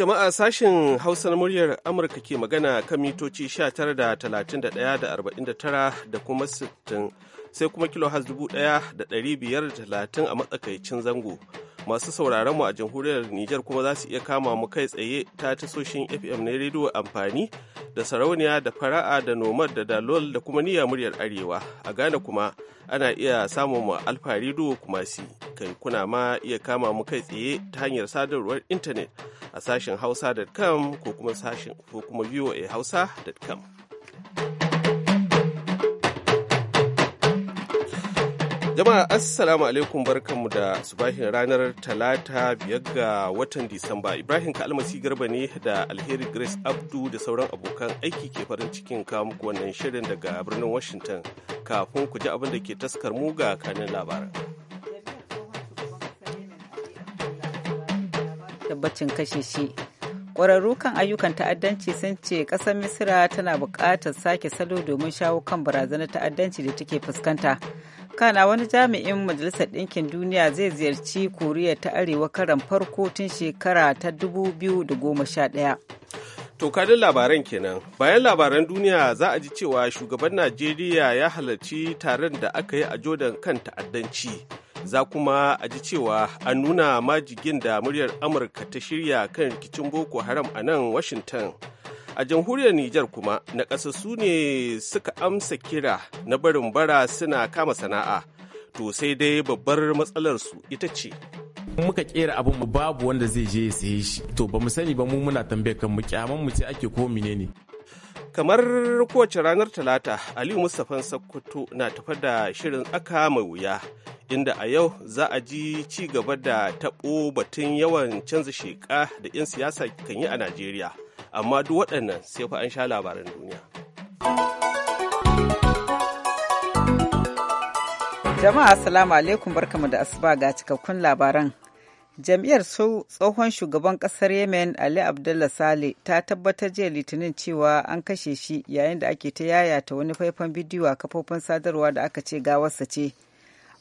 jama'a sashen Hausa na muryar Amurka ke magana kan mitoci 19 da 31 da 49 da kuma 60 sai kuma kilo 1530 a matsakaicin zango. masu sauraron mu a jamhuriyar Nijar kuma za su iya kama mu kai tsaye ta tasoshin FM na rediyo amfani da sarauniya da fara'a da nomad da dalol da kuma niyya muryar arewa a Ghana kuma ana iya samun mu alfa rediyo kuma si kai kuna ma iya kama mu kai tsaye ta hanyar sadarwar intanet a sashen hausa.com ko kuma sashen ko kuma voahausa.com. Jama'a Assalamu alaikum barkanmu da subahin ranar Talata biyar ga watan Disamba. Ibrahim Kalmasi Garba ne da Alheri Grace Abdu da sauran abokan aiki ke farin cikin muku wannan shirin daga birnin Washington kafin ku ji abin da ke taskar mu ga kanin labaran. Tabbacin kashe shi kan ayyukan ta'addanci sun ce ƙasar misira tana buƙatar sake salo domin shawo kan barazanar ta'addanci da take fuskanta kana wani jami'in majalisar ɗinkin duniya zai ziyarci koriya ta arewa karan farko tun shekara ta 2011 To kadin labaran kenan bayan labaran duniya za a ji cewa shugaban najeriya ya halarci taron da aka yi a jodan kan ta'addanci za kuma a ji cewa an nuna majigin da muryar amurka ta shirya kan rikicin boko haram a nan washington a jamhuriyar Nijar kuma su ne suka amsa kira na barin bara suna kama sana'a to sai dai babbar matsalarsu ita ce muka kera abin mu babu wanda zai je ya saye shi to ba mu sani ba mu muna tambayar kan mu kyaman mu ce ake ko ne. kamar kowace ranar talata aliyu mustapha sakkwato na tafa da shirin tsaka mai wuya inda a yau za a ji ci gaba da taɓo batun yawan canza sheƙa da 'yan siyasa kan yi a najeriya amma duk waɗannan sai fa an sha labaran duniya. Jama'a Assalamu alaikum barkamu da asuba ga cikakkun labaran. Jam'iyyar su tsohon shugaban ƙasar Yemen Ali Abdullah Sale ta tabbatar jiya Litinin cewa an kashe shi yayin da ake ta yayata wani faifan bidiyo a kafofin sadarwa da aka ce gawarsa ce.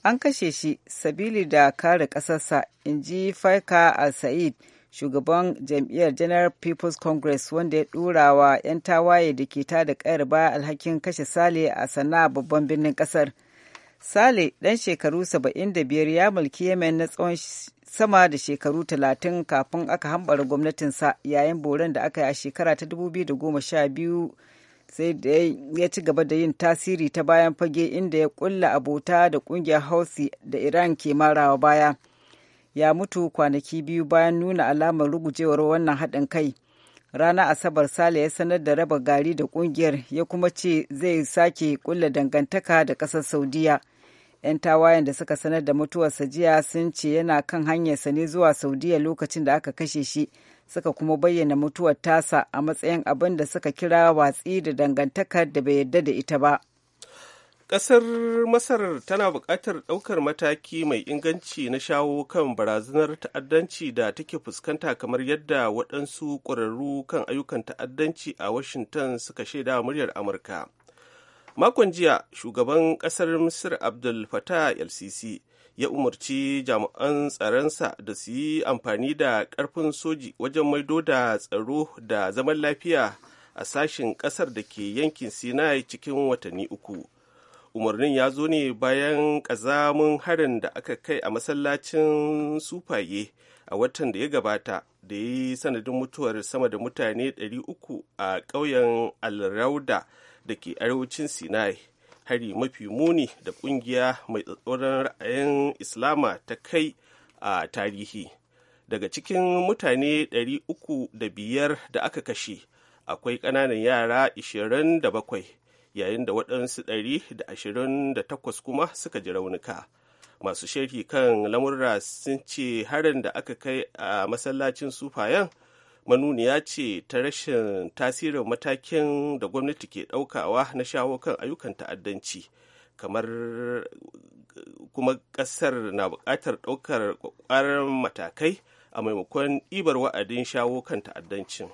An kashe shi sabili da kare ƙasarsa, in ji Faika Al-Sa'id, shugaban jam'iyyar general people's congress wanda ya dura 'yan tawaye da ke tada kayar baya alhakin kashe sale a sana'a babban birnin kasar sale ɗan shekaru 75 ya mulki yemen na tsawon sama da shekaru 30 kafin aka hambara gwamnatinsa yayin boren da aka yi a shekara ta 2012 sai da ya ci gaba da yin tasiri ta bayan fage inda ya kulla abota da kungiyar hausi da iran ke marawa baya ya mutu kwanaki biyu bayan nuna alamar rugujewar wannan haɗin kai. Ranar Asabar Sale ya sanar da raba gari da ƙungiyar ya kuma ce zai sake kulla dangantaka da ƙasar Saudiya. 'Yan tawayen da suka sanar da mutuwarsa jiya sun ce yana kan hanyarsa ne zuwa Saudiya lokacin da aka kashe shi. suka kuma bayyana mutuwar tasa a matsayin abin da suka kira watsi da dangantakar da bai yarda da ita ba. Ƙasar Masar tana buƙatar ɗaukar mataki mai inganci na shawo kan barazanar ta'addanci da take fuskanta kamar yadda waɗansu ƙwararru kan ayyukan ta'addanci a Washington suka shaida muryar Amurka. Makon jiya, shugaban ƙasar Misir Abdul Fattah LCC, ya umarci jami'an tsaronsa da su yi amfani da ƙarfin soji wajen maido da tsaro da zaman lafiya a sashen ƙasar da ke yankin Sinai cikin watanni uku. umarnin ya zo ne bayan ƙazamin harin da aka kai a masallacin sufaye a watan da ya gabata da ya yi sanadin mutuwar sama da mutane 300 a ƙauyen alrauda da ke arewacin sinai hari mafi muni da ƙungiya mai tsatsauran ra'ayin islama ta kai a tarihi daga cikin mutane 305 da aka kashe akwai ƙananan yara 27 yayin da waɗansu ɗari da ashirin da takwas kuma suka ji raunuka masu sharhi kan lamurra sun ce harin da aka kai a masallacin sufayen manuniya ce ta rashin tasirin matakin da gwamnati ke ɗaukawa na shawo kan ayyukan ta'addanci kamar kuma ƙasar na buƙatar ɗaukar ƙwaƙwarar matakai a maimakon ɗibar wa'adin shawo kan ta'addancin.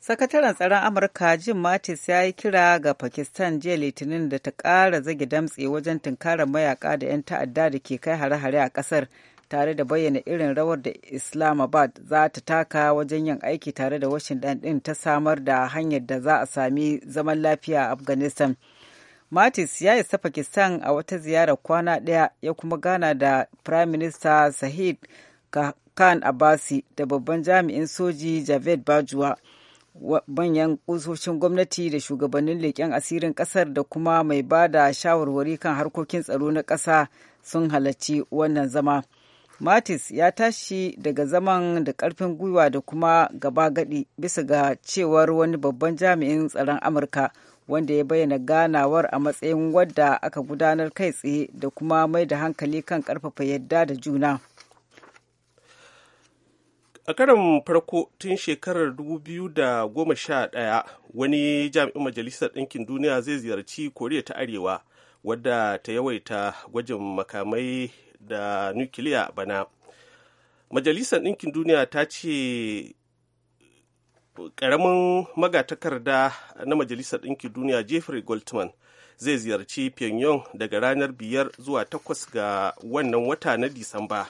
Sakataren tsaron Amurka Jim Mattis ya yi kira ga Pakistan jiya Litinin da ta ƙara zage damtse wajen tunkarar mayaka da 'yan ta'adda da ke kai hare-hare a ƙasar tare da bayyana irin rawar da Islamabad za ta taka wajen yin aiki tare da Washington ɗin ta samar da hanyar da za a sami zaman lafiya a Afghanistan. Mattis ya isa Pakistan a wata ziyara kwana ɗaya ya kuma gana da Prime Minister Sahid Khan Abbasi da babban jami'in soji Javed Bajwa. manyan kusoshin gwamnati da shugabannin leƙen asirin ƙasar da kuma mai ba da shawarwari kan harkokin tsaro na ƙasa sun halarci wannan zama. Matis ya tashi daga zaman da ƙarfin gwiwa da kuma gaba gadi bisa ga cewar wani babban jami'in tsaron Amurka wanda ya bayyana ganawar a matsayin wadda aka gudanar kai tsaye da kuma mai da hankali kan ƙarfafa yadda da juna. a karon farko tun shekarar 2011 wani jami'in majalisar ɗinkin duniya zai ziyarci koriya ta arewa wadda ta yawaita gwajin makamai da nukiliya bana majalisar ɗinkin duniya ta ce ƙaramin magatakarda na majalisar ɗinkin duniya jeffrey goldman zai ziyarci pyongyang daga ranar biyar zuwa takwas ga wannan wata na disamba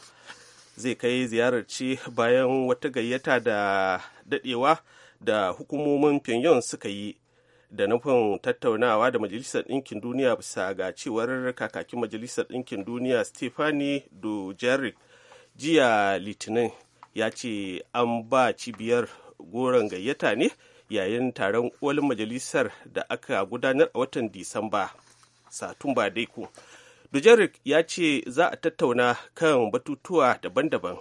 zai kai ziyarar ce bayan wata gayyata da dadewa da hukumomin pyongyang suka yi da nufin tattaunawa da majalisar ɗinkin duniya bisa ga cewar kakakin majalisar ɗinkin duniya stephanie dujeric jiya litinin ya ce an ba cibiyar goron gayyata ne yayin taron kolin majalisar da aka gudanar a watan disamba satumba dai ku. Dujeric ya ce za a tattauna kan batutuwa daban-daban.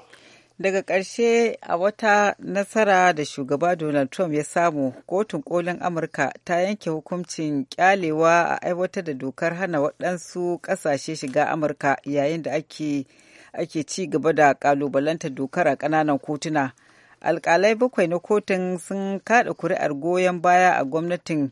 Daga ƙarshe a wata nasara da shugaba Donald Trump ya samu, kotun kolin Amurka ta yanke hukuncin kyalewa a aiwatar da dokar hana waɗansu ƙasashe shiga Amurka yayin da ake, ci gaba da ƙalubalantar dokar a ƙananan kotuna. Alƙalai bakwai na kotun sun kaɗa kuri'ar goyon baya a gwamnatin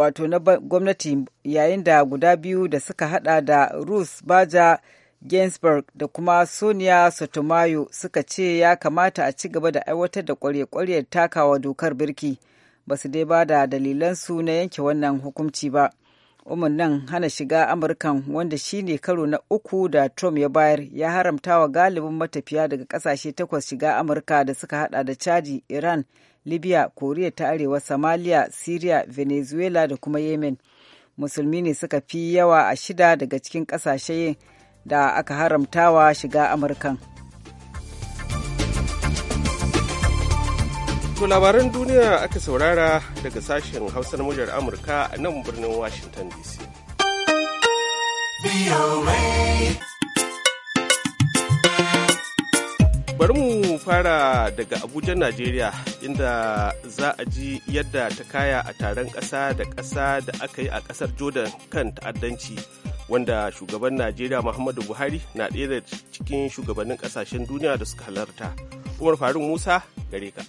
wato na gwamnati yayin da guda biyu da suka hada da Ruth Baja Ginsburg da kuma Sonia Sotomayor suka ce ya kamata a ci gaba da aiwatar da kwarye-kwaryar takawa dokar birki. Ba su dai ba da dalilansu na yanke wannan hukunci ba. umarnin hana shiga amurkan wanda shine karo na uku da trump ya bayar ya haramta wa galibin matafiya daga kasashe takwas shiga amurka da suka hada da chadi iran libya koriya ta arewa somalia syria venezuela da kuma yemen musulmi ne suka fi yawa a shida daga cikin ƙasashe da aka haramtawa shiga amurkan To labaran duniya aka saurara daga sashen Hausa na Mujar Amurka a nan birnin Washington DC. bari mu fara daga abuja najeriya inda za a ji yadda ta kaya a taron ƙasa da ƙasa da aka yi a ƙasar jordan kan ta'addanci wanda shugaban najeriya muhammadu buhari na ɗaya da cikin shugabannin ƙasashen duniya da suka halarta umar faruk musa gare ka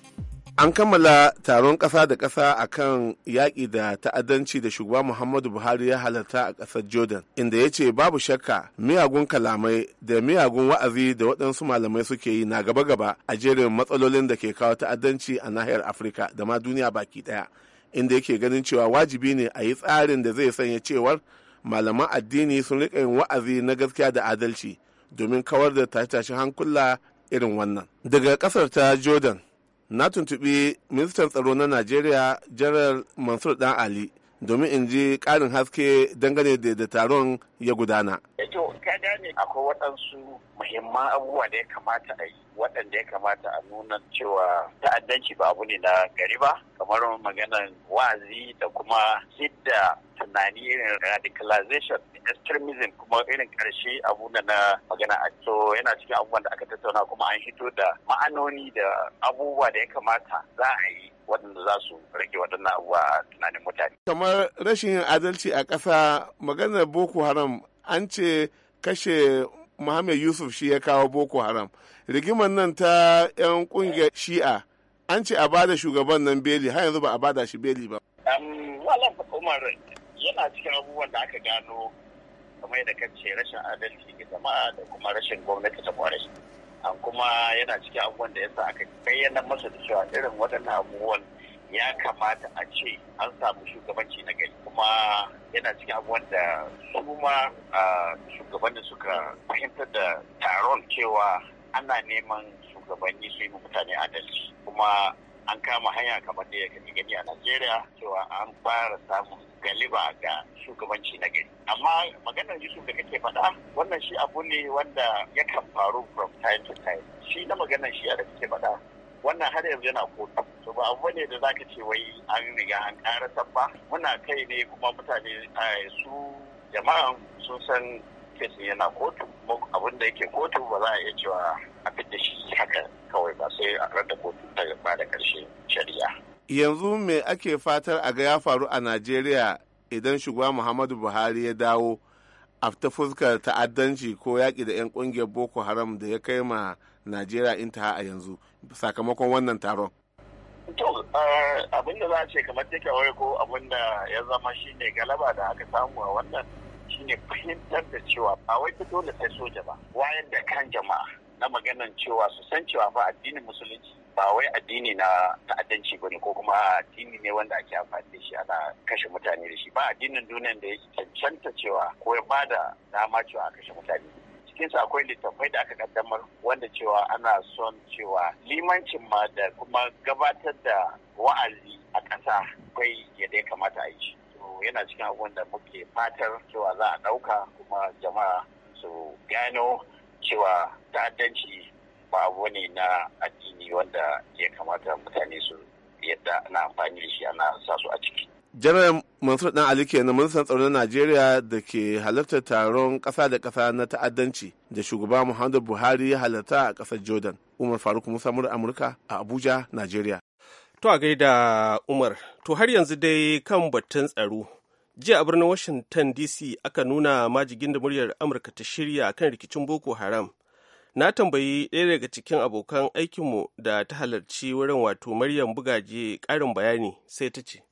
An kammala taron ƙasa da ƙasa a kan yaƙi da ta'addanci da shugaba Muhammadu Buhari ya halarta a ƙasar Jordan, inda ya ce babu shakka miyagun kalamai da miyagun wa'azi da waɗansu malamai suke yi na gaba-gaba a jerin matsalolin da ke kawo ta'addanci a nahiyar Afirka da ma duniya baki ɗaya, inda yake ganin cewa wajibi ne a yi tsarin da zai sanya cewar malaman addini sun riƙa yin wa'azi na gaskiya da adalci domin kawar da tashe-tashen hankula irin wannan. Daga ƙasar ta Jordan, na tuntuɓi ministan tsaro na najeriya general mansur dan ali domin in ji ƙarin haske dangane da taron ya gudana. Eto, eh ka gane akwai waɗansu muhimman abubuwa da ya kamata a yi waɗanda ya kamata a nuna cewa ta'addanci ba abu ne na gari ba kamar maganar wazi da kuma sidda tunani irin radicalization extremism kuma irin karshe abu da na magana a to yana cikin abubuwan da aka tattauna kuma an hito da ma'anoni da abubuwa da ya kamata za a yi waɗanda za su rage waɗannan abubuwa tunanin mutane. kamar rashin adalci a ƙasa maganar boko haram an ce kashe Muhammad Yusuf shi ya kawo Boko Haram. Rigimar nan ta 'yan kungiyar Shi'a an ce a bada shugaban nan beli har yanzu ba a bada shi beli ba. Malam hukumar yana cikin abubuwan da aka gano kamar da kace rashin adalci ga jama'a da kuma rashin gwamnati ta kwarai. An kuma yana cikin abubuwan da yasa aka bayyana masa da cewa irin waɗannan abubuwan ya kamata a ce an samu shugabanci na gari kuma yana cikin abubuwan da su ma shugabanni suka fahimtar da taron cewa ana neman shugabanni su yi mutane adalci kuma an kama hanya kamar da ya gani a najeriya cewa an fara samun galiba ga shugabanci na gari amma maganar yusuf da kake faɗa wannan shi abu ne wanda yakan faru from time to time shi na maganar shi da kake faɗa wannan har yanzu yana kotu to ba abu ne da zaka ce wai an riga an karasar ba muna kai ne kuma mutane su jama'a sun san kesin yana kotu abin da yake kotu ba za a iya cewa a fita shi haka kawai ba sai a rada kotu ta ba da karshe shari'a yanzu me ake fatar a ga ya faru a najeriya idan shugaba muhammadu buhari ya dawo a ta fuskar ta'addanci ko yaƙi da 'yan ƙungiyar boko haram da ya kai ma najeriya intaha a yanzu sakamakon wannan taron To, eh, abin da za a ce kamar take ko abin da ya zama shi ne galaba da aka samu a wannan shi ne fahimtar da cewa ba wai fito da sai soja ba wayar da kan jama'a na maganan cewa su san cewa ba addinin musulunci ba wai addini na ta'addanci ba ne, ko kuma addini ne wanda ake amfani da shi ana kashe mutane da shi ba addinin duniyan da ya cancanta cewa ko ya bada dama cewa a kashe mutane cikinsu akwai littattafai da aka kaddamar wanda cewa ana son cewa limancin ma da kuma gabatar da wa'azi a ƙasa akwai yadda ya kamata a yi shi yana cikin abubuwan da muke fatar cewa za a ɗauka kuma jama'a su gano cewa ta'addanci ba abu ne na addini wanda ya kamata mutane su yadda ana amfani da shi ana sa su a ciki janar mansur dan ali kenan ministan na najeriya da ke halartar taron kasa da kasa na ta'addanci da shugaba muhammadu buhari ya halarta a kasar jordan umar faruk musa amurka a abuja najeriya to a gaida umar to har yanzu dai kan batun tsaro jiya a birnin washington dc aka nuna majigin da muryar amurka ta shirya kan rikicin boko haram na tambayi ɗaya daga cikin abokan aikinmu da ta halarci wurin wato maryam bugaje ƙarin bayani sai ta ce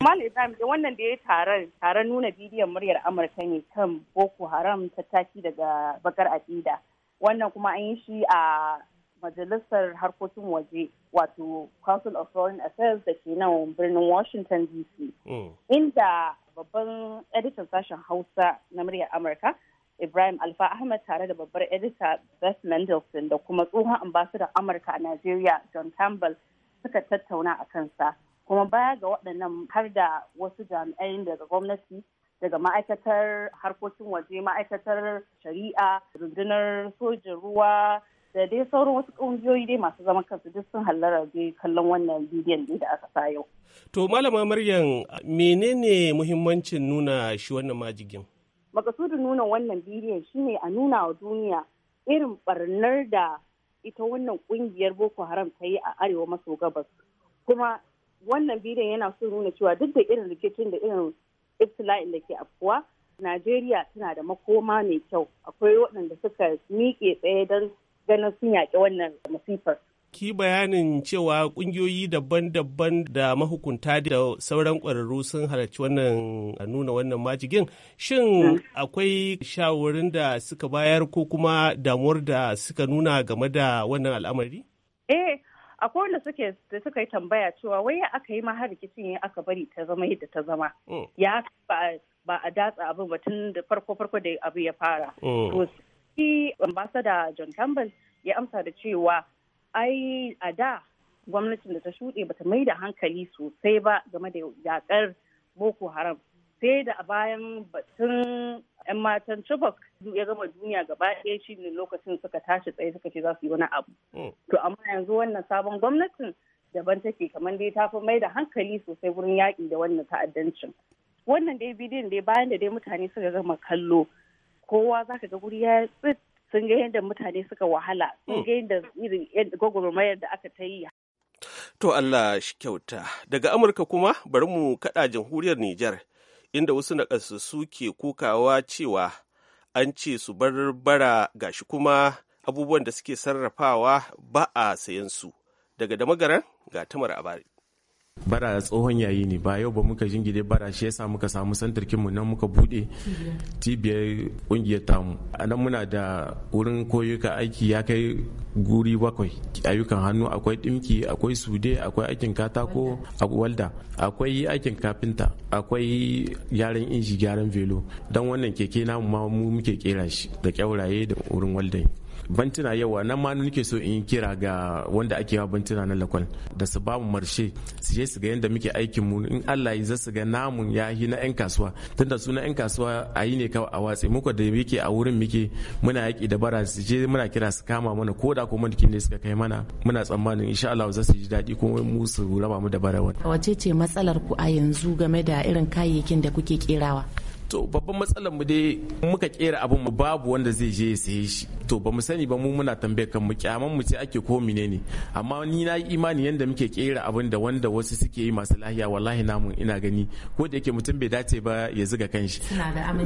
Mali Ibrahim da wannan da ya taron taron nuna bidiyon muryar Amurka ne kan Boko Haram tattaki daga bakar aƙida. Wannan kuma an yi shi a Majalisar Harkokin Waje wato Council of Foreign Affairs da ke nan birnin Washington DC. Hmm. Inda babban editan sashen Hausa na muryar Amurka Ibrahim Alfa Ahmed tare da babbar edita Beth Mendelson da kuma tsohon ambasadar Amurka a nigeria John Campbell suka tattauna a kansa. kuma baya ga waɗannan har da wasu jami'ai daga gwamnati daga ma'aikatar harkokin waje ma'aikatar shari'a rundunar sojin ruwa da dai sauran wasu ƙungiyoyi dai masu zaman kansu duk sun hallara dai kallon wannan bidiyon da aka sa yau. To malama Maryam menene muhimmancin nuna shi wannan majigin? Makasudin nuna wannan bidiyon shine a nuna wa duniya irin barnar da ita wannan ƙungiyar Boko Haram ta yi a arewa maso gabas kuma wannan bidiyon yana so nuna cewa duk da irin rikicin da irin iftila'in da ke afkuwa najeriya tana da makoma mai kyau akwai waɗanda suka miƙe tsaye don ganin sun yaƙi wannan masifar ki bayanin cewa ƙungiyoyi daban-daban da mahukunta da sauran ƙwararru sun halarci wannan nuna wannan majigin shin mm. akwai shawarin da suka bayar ko kuma damuwar da suka nuna game da wannan al'amari? eh akwai wanda suke da suka yi tambaya cewa wai ya aka yi har rikicin ya aka bari ta zama yadda ta zama mm. ya ba a datsa abin ba tun da farko farko da abu ya fara mm. to shi ambassador John Campbell ya amsa da cewa ai a da gwamnatin da ta shuɗe bata mai da hankali sosai ba game da yakar Boko Haram sai da a bayan batun 'yan matan Chibok ya gama duniya gaba ɗaya shi ne lokacin suka tashi tsaye suka ce za su yi wani abu. Hmm. To amma yanzu wannan sabon gwamnatin daban take kamar dai ta fi mai da hankali sosai wurin yaƙi da wannan ta'addancin. Wannan dai bidiyon dai bayan da dai mutane suka gama kallo kowa za ka ga guri ya tsit sun ga yadda mutane suka wahala sun hmm. ga yadda irin gwagwarmayar da aka ta yi To Allah shi kyauta. Daga Amurka kuma bari mu kaɗa jamhuriyar Nijar, inda wasu nakasassu ke kokawa cewa an ce su bar bara ga shi kuma abubuwan da suke sarrafawa ba a sayan su daga damagaran ga tamar abari bara tsohon yayi ne ba yau ba muka jingide bara shi yasa muka samu kinmu nan muka bude cibiyar kungiyar tamu a nan muna da wurin koyuka aiki ya kai guri bakwai ayyukan hannu akwai dimki akwai sude akwai aikin katako a walda akwai aikin kafinta akwai gyaran inji gyaran velo don wannan keke namu ma mu muke kera shi da kyauraye da wurin waldan bantuna yawa nan ma nake so in kira ga wanda ake yawa bantuna na lakwal da su bamu marshe su je su ga yadda muke aikin mu in Allah ya zasu ga namun yahi na yan kasuwa tunda su na yan kasuwa a yi ne kawai a watsi muka da muke a wurin muke muna yaki da bara su je muna kira su kama mana ko da kuma ne suka kai mana muna tsammanin insha Allah za su ji daɗi ko mu su raba mu da bara wani wace ce matsalar ku a yanzu game da irin kayayyakin da kuke kerawa to babban matsalar mu dai muka kera abin mu babu wanda zai je ya saye shi to ba mu sani ba mu muna tambayar kan mu kyaman mu ce ake ko ne. amma ni na yi imani yanda muke kera abin da wanda wasu suke yi masu lahiya wallahi namu ina gani ko da yake mutum bai dace ba ya zuga kanshi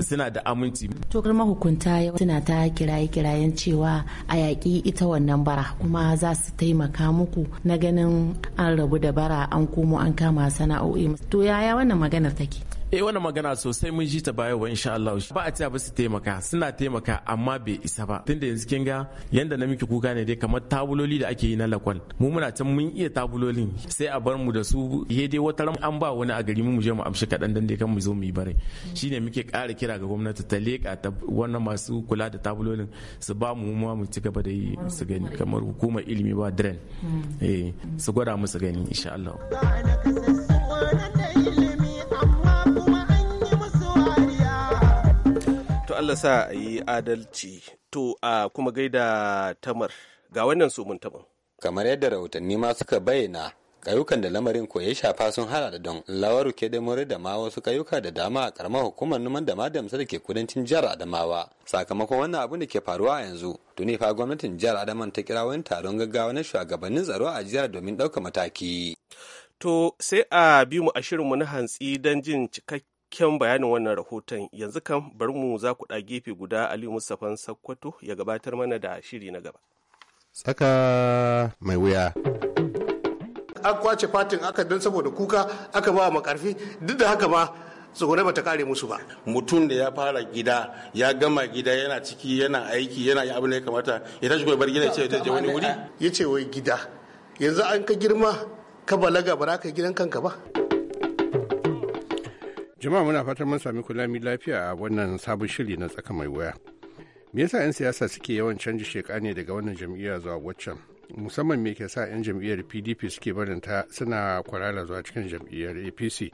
suna da aminci to kuma hukunta suna ta kiraye kirayen cewa a yaƙi ita wannan bara kuma za su taimaka muku na ganin an rabu da bara an komo an kama sana'o'i to yaya wannan maganar take eh wannan magana sosai mun ji ta baya wa insha Allah ba a cewa ba su taimaka suna taimaka amma bai isa ba tunda yanzu kin ga yanda na miki kuka ne dai kamar tabuloli da ake yi na lakwal mu muna can mun iya tabulolin sai a bar mu da su ya dai wata ran an ba wani a gari mu je mu amshi kadan dan dai kan mu zo mu yi bare shine muke ƙara kira ga gwamnati ta leka ta wannan masu kula da tabulolin su ba mu ma mu ci gaba da yi su gani kamar hukumar ilimi ba dren hmm. eh su gwada mu su gani insha Allah Allah sa a yi adalci to a kuma gaida tamar ga wannan sumun tamar. Kamar yadda rahotanni ma suka bayyana kayukan da lamarin ko ya shafa sun hada da don lawaru ke da more da ma wasu kayuka da dama a karamar hukumar numan da madam da ke kudancin jihar adamawa sakamakon wannan abin da ke faruwa a yanzu tuni fa gwamnatin jihar adaman ta kira wani taron gaggawa na shugabannin tsaro a jihar domin ɗaukar mataki to sai a bi mu a shirinmu na hantsi don jin cikakken cikakken bayanin wannan rahoton yanzu kan bari mu za ku gefe guda Ali mustapha sakkwato ya gabatar mana da shiri na gaba tsaka mai wuya an kwace fatin aka dan saboda kuka aka ba makarfi duk da haka ma ba bata kare musu ba mutum da ya fara gida ya gama gida yana ciki yana aiki yana yi abin da ya kamata ya tashi bar gida ce ta wani wuri ya ce wai gida yanzu an ka girma ka balaga ba za ka gidan kanka ba Jama'a muna fatan mun sami kulami lafiya a wannan sabon shiri na tsaka mai waya. Me yasa 'yan siyasa suke yawan canji sheka ne daga wannan jam'iyya zuwa waccan? Musamman me ke sa 'yan jam'iyyar PDP suke barin ta suna kwarara zuwa cikin jam'iyyar APC.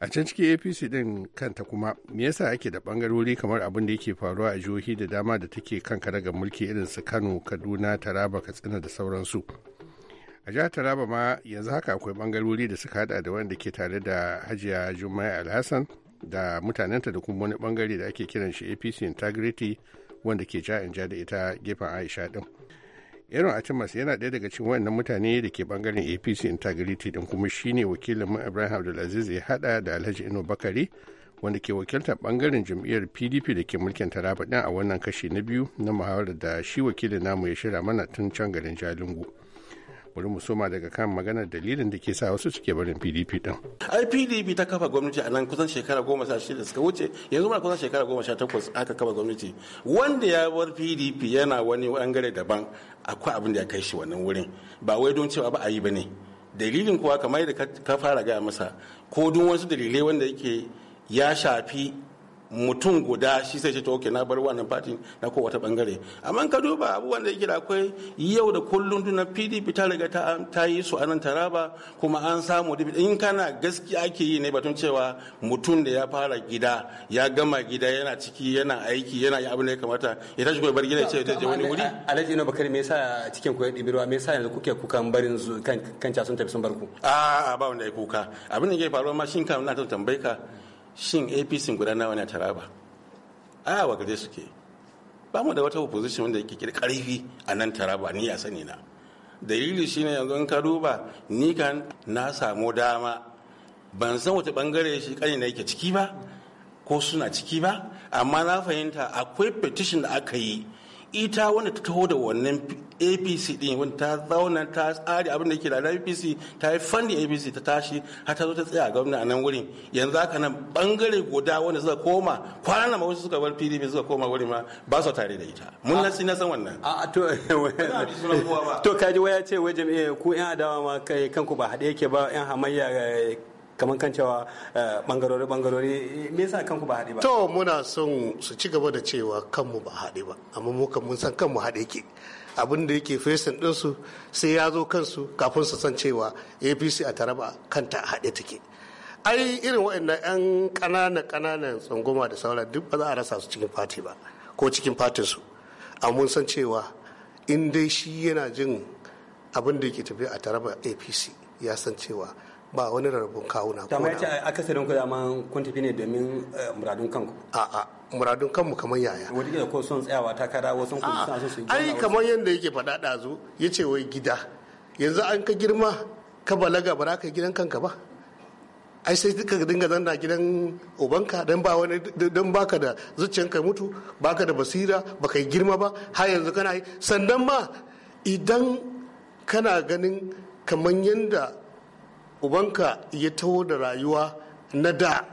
A can cikin APC din kanta kuma me yasa ake da bangarori kamar abin da yake faruwa a jihohi da dama da take kan karagar mulki irin su Kano, Kaduna, Taraba, Katsina da sauransu. a jihar taraba ma yanzu haka akwai bangarori da suka hada da wanda ke tare da hajiya jummai alhassan da mutanenta da kuma wani bangare da ake kiran shi apc integrity wanda ke ja in ja da ita gefen aisha din irin a yana daya daga cikin waɗannan mutane da ke bangaren apc integrity din kuma shine wakilin mu ibrahim abdulaziz ya hada da alhaji ino bakari wanda ke wakiltar bangaren jam'iyyar pdp da ke mulkin taraba din a wannan kashi na biyu na muhawarar da shi wakilin namu ya shirya mana tun can garin jalingo bari mu soma daga kan magana dalilin da ke sa wasu suke barin pdp din ai pdp ta kafa gwamnati a nan kusan shekara goma sha shida suka wuce yanzu muna kusan shekara goma sha takwas aka kafa gwamnati wanda ya bar pdp yana wani bangare daban akwai abin da ya kai shi wannan wurin ba wai don cewa ba a yi ba ne dalilin kuwa kamar yadda ka fara gaya masa ko don wasu dalilai wanda yake ya shafi mutum guda shi sai ce to ke na bar wannan party na ko wata bangare amma ka duba abubuwan da yake da akwai yau da kullun na PDP ta riga ta ta yi su anan taraba kuma an samu in kana gaskiya ake yi ne batun cewa mutum da ya fara gida ya gama gida yana ciki yana aiki yana yi abin da ya kamata ya tashi ko bar gida ya ce zai je wani wuri alaji Ino Bakari me yasa cikin ku ya dibirwa me yasa yanzu kuke kukan barin kan kan sun tafi sun bar ku a a ba wanda ya kuka abin da ke faruwa ma shin kan na ta ka shin apc guda nawa ne taraba a wa gare suke ba mu da wata opposition wanda yake kira karfi a nan taraba ni a sani na dalili shine yanzu in ka duba ni kan na samu dama ban san wata bangare shi kani na yake ciki ba ko suna ciki ba amma na fahimta akwai petition da aka yi ita wanda ta taho da wannan apc din wanda ta zauna ta tsari abin da ke da apc ta yi fandi apc ta tashi har ta zo ta tsaya gwamna a nan wurin yanzu haka nan bangare guda wanda suka koma kwanan nan wasu suka bar pdp suka koma wurin ma ba su tare da ita mun nasi na san wannan eh, a to to kaji waya ce wai jami'a ku yan adawa ma kai kanku ba haɗe yake ba yan hamayya eh, kamar kan cewa eh, bangarori bangarori me yasa kanku ba haɗe ba to muna son su ci gaba da cewa kanmu ba haɗe ba amma mu kan mun san kanmu haɗe ke abin da yake fesin su sai ya zo kansu kafin su san cewa apc a taraba kanta haɗe take ai irin waɗannan 'yan ƙananan ƙananan tsangoma da sauran duk ba za a rasa su cikin fati ba ko cikin fatinsu amma mun san cewa in dai shi yana jin abin da yake tafiya a taraba apc ya san cewa ba wani rarrabun kawuna ta mai ce akasarin ku dama kun tafi ne domin eh, muradun kanku a'a muradun kanmu kamar yaya wani da ko son tsayawa ta kara wasu kun san su su ai kamar yadda yake faɗa ɗazu ya ce wai gida yanzu an ka girma ka balaga ba ka gidan kanka ba ai sai duka dinga zanna gidan ubanka don ba wani dan baka da zuciyanka mutu baka da basira baka yi girma ba har yanzu kana yi sannan ma idan kana ganin kamar yadda ubanka ya taho da rayuwa na da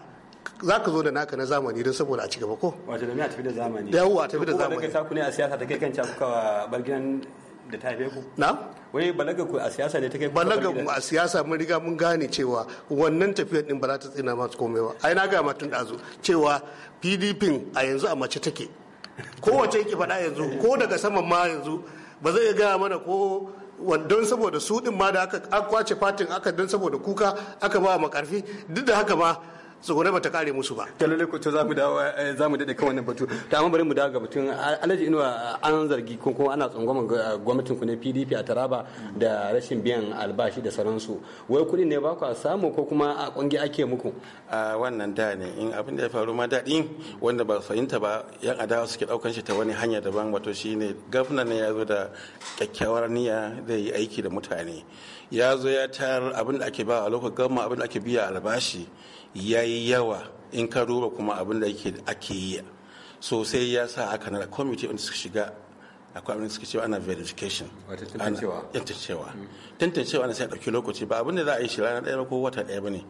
za ka zo da naka na zamani don saboda a cigaba ko wato da a tafi da zamani yawwa a tafi da zamani ko ku ne a siyasa ta kai kan cakuka bargin da ta haife ku na wai balaga ku a siyasa ne ta kai balaga mu a siyasa mun riga mun gane cewa wannan tafiyar din ba za ta tsina masu komai ba ai na ga ma tun dazu cewa PDP a yanzu a mace take kowace yake faɗa yanzu ko daga saman ma yanzu ba zai gaya mana ko wandon saboda su din ma da aka kwace fatin aka don saboda kuka aka ba makarfi duk da haka ba tsohore ba ta kare musu ba da lalle to za mu dawo eh, za mu dade kan wannan batu Ta amma bari mu dawo ga batun alhaji inuwa an zargi ko kuma ana tsangwaman gwamnatin ku ne PDP a Taraba da rashin biyan albashi da sauransu wai kuɗin ne ba ku samu ko kuma a kungi ake muku a wannan da ne in abin da ya faru ma daɗi wanda ba fahimta ba yan adawa suke daukan shi ta wani hanya daban wato shine gwamnan ne ya zo da kyakkyawar niyya zai yi aiki da mutane ya zo ya tayar abin da ake ba a lokacin gama abin da ake biya albashi ya yi yawa in ka duba kuma abin da ake yi so sai ya sa aka na kwamiti wanda suka shiga akwai abin da suka cewa ana verification tantancewa hmm. tantancewa na sai ɗauki lokaci ba abin da za a yi shi rana ɗaya ko wata ɗaya ba ne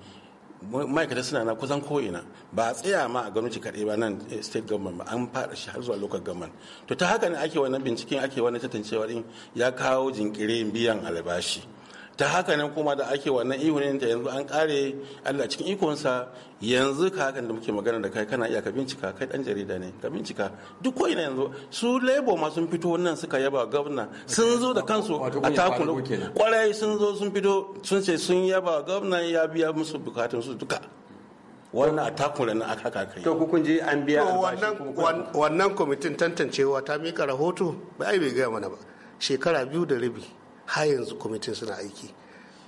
ma'aikata suna na kusan ko'ina ba a tsaya ma a gwamnati kaɗai ba nan eh, state government ba an faɗa shi har zuwa local government to ta haka ne ake wannan binciken ake wannan tantancewa ɗin ya kawo jinkirin biyan albashi ta haka nan kuma da ake wannan ihunin ta yanzu an kare Allah cikin ikonsa yanzu ka hakan da muke magana da kai kana iya ka bincika kai dan jarida ne ka bincika duk ko ina yanzu su labor ma sun fito nan suka yaba gwamna sun zo da kansu a takun kwarai sun zo sun fito sun ce sun yaba gwamna ya biya musu bukatun su duka wannan a takura na aka kai to ku kun je an biya wannan kwamitin tantancewa ta mika rahoto ba ai bai gaya mana ba shekara biyu da rabi har yanzu kwamitin suna aiki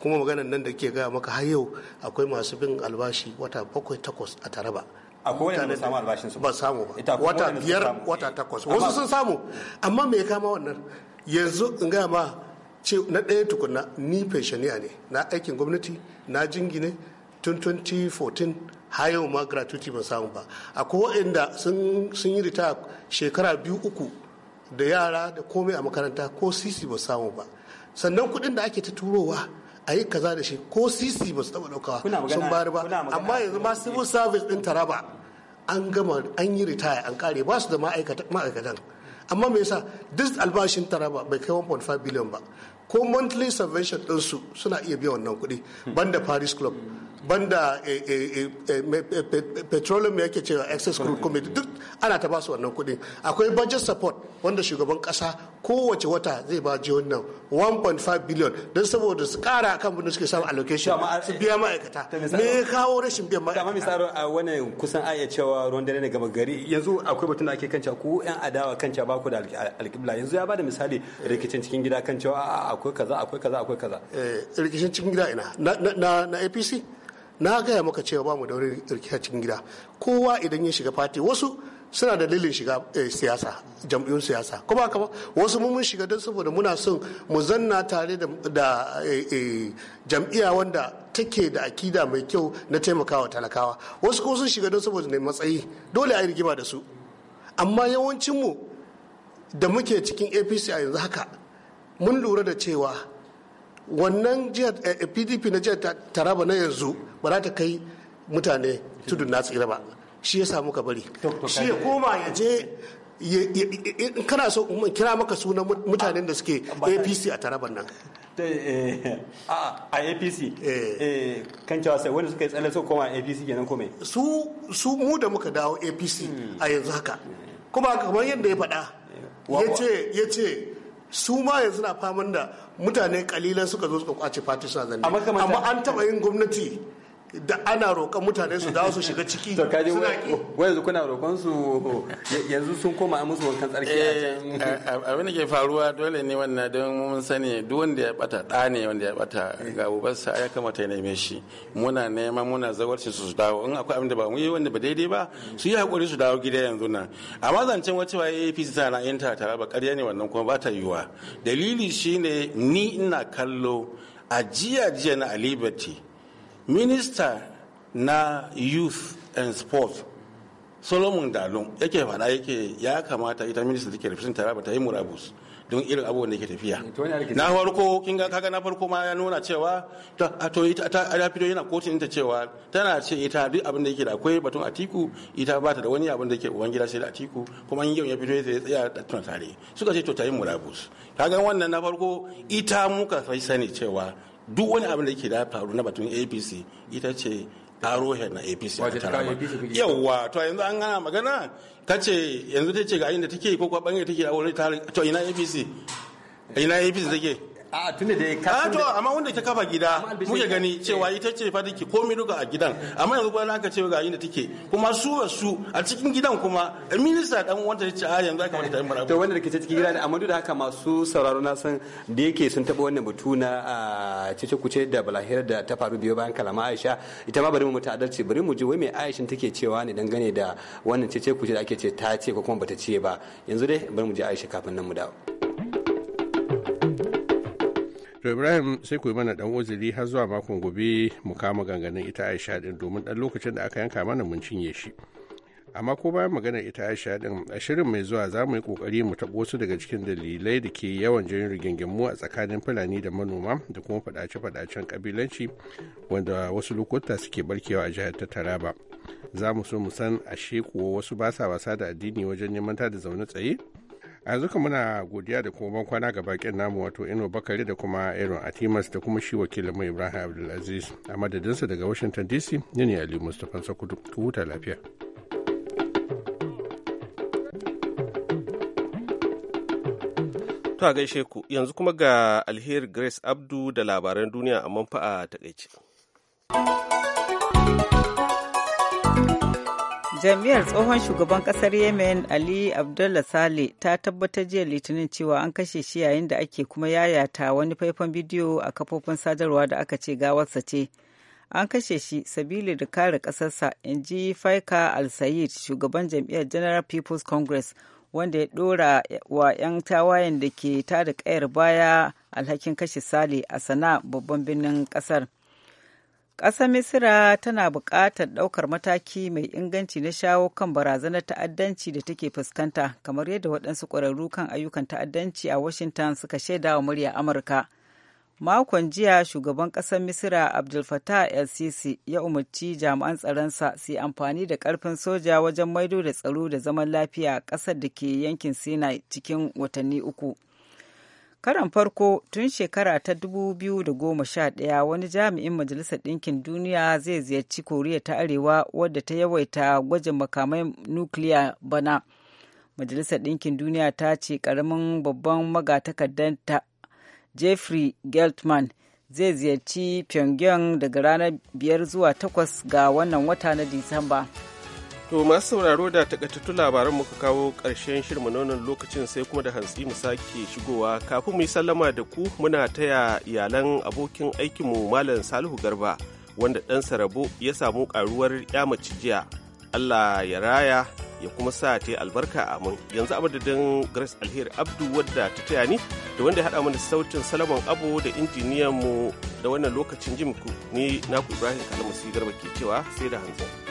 kuma maganan nan da ke gaya maka har yau akwai masu bin albashi wata bakwai takwas a taraba akwai wanda ba samu albashin su ba samu wata biyar wata takwas wasu sun samu amma me kama wannan yanzu in gaya ma ce na ɗaya tukuna ni feshaniya ne na aikin gwamnati na jingine tun 2014 har yau ma gratuity ban samu ba akwai waɗanda sun yi rita shekara biyu uku da yara da komai a makaranta ko sisi ba samu ba sannan kuɗin da ake ta turowa a yi kaza da shi ko sisi ba su taɓa ɗaukawa sun bari ba amma yanzu ma civil service ɗin taraba an gama an yi ritaya an kare ba su da ma'aikatan amma me yasa duk albashin taraba bai kai 1.5 biliyan ba ko monthly subvention ɗinsu suna iya biya wannan kuɗi banda paris club banda eh, eh, eh, petroleum yake cewa excess crude committee duk ana ta basu wannan kuɗi akwai budget support wanda shugaban ƙasa kowace wata zai ba ji wannan 1.5 billion don saboda su kara akan abin suke samun allocation su biya ma'aikata ne ya kawo rashin biyan ma'aikata amma misali a wannan kusan a cewa ruwan dare ne gaba gari yanzu akwai batun da ake kanca ko yan adawa kanca ba ku da alƙibla yanzu ya ba da misali rikicin cikin gida kan cewa akwai kaza akwai kaza akwai kaza eh rikicin cikin gida ina na na APC na gaya maka cewa ba mu da wani rikicin cikin gida kowa idan ya shiga fati wasu suna da dalilin shiga eh, siyasa jam'iyyun siyasa kuma haka wasu mun shiga don saboda muna son mu zanna tare da eh, eh, jam'iyya wanda take da akida mai kyau na taimakawa talakawa wasu kuma sun shiga don saboda ne matsayi dole a yi rigima da su amma yawancinmu da muke cikin apc a yanzu haka mun lura da cewa wannan pdp eh, eh, na jihar taraba na yanzu ba za ta kai mutane tudun na tsira ba shi ya samu kabari bari shi ya koma ya je kana so in kira maka sunan mutanen da suke apc a taraban nan eh, a apc kan cewa sai wanda suka yi tsalle suka koma apc kenan kome su mu da muka dawo apc a hmm. yanzu haka kuma kamar yadda ya faɗa ya ce su ma yanzu na faman da mutane kalilan suka zo suka kwace fati suna zanne amma an taba yin gwamnati da ana roƙon mutane su dawo su shiga ciki to kaje yanzu kuna roƙon su yanzu sun koma a musu wankan tsarki a can eh, ke faruwa dole ne wannan don mun sani duk wanda ya bata da ne wanda ya bata ga sa ya kamata ya neme shi muna nema muna zawarci su dawo in akwai abin da ba mu yi wanda ba daidai ba su yi hakuri su dawo gida yanzu nan amma zancen wacce wa APC tana yin ta tara ba ƙarya ne wannan kuma ba ta yiwa dalili shine ni ina kallo a jiya jiya na alibati minista na youth and sport solomon dalon yake fada yake ya kamata ita minista da ke taraba ta yi murabus don irin abubuwan da ke tafiya na farko kin ga kaga na farko ma ya nuna cewa a to ita ta fito yana kotun ita cewa tana ce ita duk abin da yake da akwai batun atiku ita ba ta da wani abin da yake uban gida sai da atiku kuma in yau ya fito ya tsaya da tuna tare suka ce to ta yi murabus kaga wannan na farko ita muka sai sani cewa duk wani abin da ke da faru na batun apc ita ce arohe na apc a taraba yawa to yanzu an gana magana ka ce yanzu ta ce ga inda take ko kwa bangare take a wani to ina apc ina apc take a tunda ah, da ka to amma wanda ta kafa gida muke gani cewa eh. ita ce fa take komai duka a gidan amma yanzu kuma ka ce ga inda take kuma su su a cikin gidan kuma eh, minista dan wanda ce a ah, yanzu aka mata mara to wanda dake cikin ne amma duk da haka masu sauraro na san da yake sun taba wannan batu na ah, cece kuce da balahira da ta faru biyo bayan kalama Aisha ita ma bari mu mutu adalci bari mu ji wai me Aisha take cewa ne dangane da wannan cece kuce da ake ce ta ce ko kuma bata ce ba yanzu dai bari mu ji Aisha kafin nan mu dawo To Ibrahim sai ku yi mana dan uzuri har zuwa makon gobe mu kama ganganin ita Aisha din domin dan lokacin da aka yanka mana mun cinye shi. Amma ko bayan maganar ita Aisha din a shirin mai zuwa za mu yi kokari mu taɓo wasu daga cikin dalilai da ke yawan jirin rigingimu a tsakanin Fulani da manoma da kuma fadace-fadacen kabilanci wanda wasu lokuta suke barkewa a jihar ta Taraba. Za mu so mu san ashe kuwa wasu ba sa wasa da addini wajen neman ta da zaune tsaye a yanzu kuma muna godiya da kuma kwana ga bakin namu wato ino bakari da kuma aaron atimas da kuma shi wakilin mai ibrahim abdulaziz a madadinsa daga washington dc ni ne ali mustapha sakudu ku lafiya ta gaishe ku yanzu kuma ga alheri grace abdu da labaran duniya a manfa'a a takaice Jami'ar tsohon shugaban kasar Yemen Ali Abdullah Saleh ta tabbatar jiya Litinin cewa an kashe shi yayin da ake kuma yayata wani faifan bidiyo a kafofin sadarwa da aka ce gawarsa ce. An kashe shi sabili da kare kasarsa, in ji Faika Al-Sayid, shugaban jami'ar General People's Congress, wanda ya ɗora wa 'yan tawayen da ke tada kayar baya alhakin kashe Saleh a sana babban birnin kasar. ƙasar misira tana buƙatar ɗaukar mataki mai inganci na shawo kan barazanar ta'addanci da take fuskanta kamar yadda waɗansu ƙwararru kan ayyukan ta'addanci a washington suka shaida wa murya amurka makon jiya shugaban ƙasar misira abdul fattah el sisi ya umarci jami'an tsaronsa su yi amfani da ƙarfin soja wajen maido da tsaro da zaman lafiya ƙasar da ke yankin sinai cikin watanni uku karan farko tun shekara ta 2011 wani jami'in majalisar ɗinkin duniya zai ziyarci koriya ta arewa wadda ta yawaita gwajin makamai nukiliya bana majalisar ɗinkin duniya ta ce karamin babban magatakardanta jeffrey geltman zai ziyarci pyongyang daga ranar 5 zuwa 8 ga wannan wata na disamba To masu sauraro da takaitattu labaran muka kawo ƙarshen shirin nonon lokacin sai kuma da hantsi mu sake shigowa kafin mu yi sallama da ku muna taya iyalan abokin aikinmu Malam Salihu Garba wanda ɗansa rabo ya samu ƙaruwar ya mace jiya. Allah ya raya ya kuma sa ta yi albarka amin yanzu a madadin Grace Alheri Abdu wadda ta taya ni da wanda ya haɗa mana sautin Salaman Abu da injiniyan mu da wannan lokacin Jim ni naku Ibrahim Kalamusi Garba ke cewa sai da hantsi.